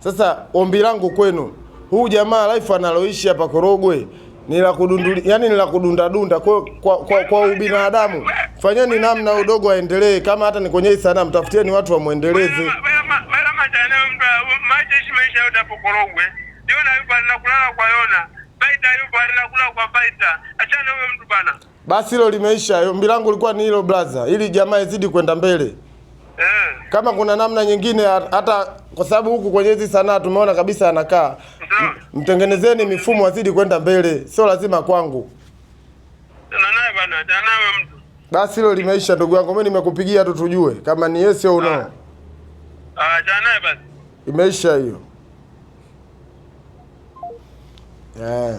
Sasa ombi langu kwenu, huu jamaa life analoishi hapa Korogwe ni la kudunduli, yani ni la kudunda dunda kwa, kwa, kwa, kwa ubinadamu. Fanyeni namna udogo aendelee, kama hata ni kwenye sanaa, mtafutieni watu wamwendeleze. Basi hilo limeisha. Ombi langu lilikuwa ni hilo brother, ili jamaa izidi kwenda mbele kama kuna namna nyingine, hata kwa sababu huku kwenye hizi sanaa tumeona kabisa anakaa, mtengenezeni mifumo azidi kwenda mbele, sio lazima kwangu. Basi hilo limeisha, ndugu yangu, mimi nimekupigia tu tujue kama ni yes au no. Imeisha hiyo yeah.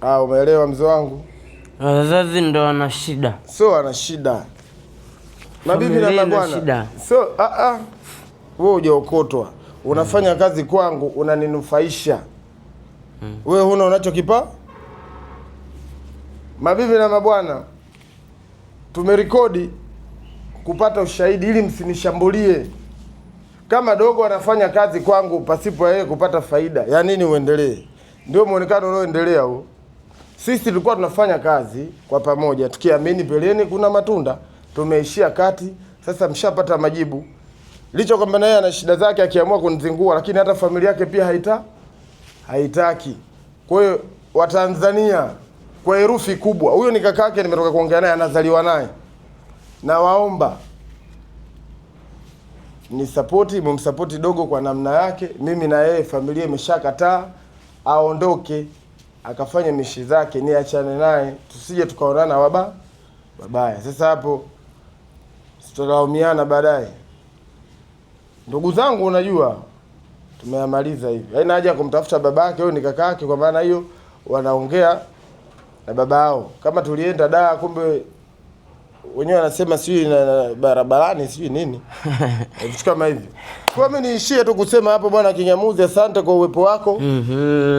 Ah, umeelewa mzee wangu, wazazi ndo wana shida, sio wana shida bibi na bwana. so a ah, a ah. wewe hujaokotwa, unafanya mm. kazi kwangu, unaninufaisha mm. wewe huna unachokipa. Mabibi na mabwana, tumerekodi kupata ushahidi ili msinishambulie. Kama dogo anafanya kazi kwangu pasipo yeye kupata faida, ya nini uendelee? Ndio muonekano unaoendelea huo. Sisi tulikuwa tunafanya kazi kwa pamoja tukiamini peleni kuna matunda tumeishia kati. Sasa mshapata majibu, licho kwamba naye ana shida zake, akiamua kunizingua, lakini hata familia yake pia haita haitaki. Kwa hiyo Watanzania, kwa herufi kubwa, huyo ni kaka yake, nimetoka kuongea naye, anazaliwa naye, Nawaomba ni sapoti, mumsapoti dogo kwa namna yake. Mimi na yeye familia imeshakataa aondoke akafanye mishi zake, niachane naye, tusije tukaonana waba babaya. Sasa hapo tutalaumiana baadaye. Ndugu zangu, unajua tumeamaliza hivi, haina haja ya kumtafuta babake huyo ni kakake, kwa maana hiyo wanaongea na babao. Kama tulienda daa, kumbe wenyewe wanasema sijui na barabarani sijui nini vitu kama hivyo. Kwa mimi niishie tu kusema hapo, bwana Kinyamuzi, asante kwa uwepo wako. mm -hmm.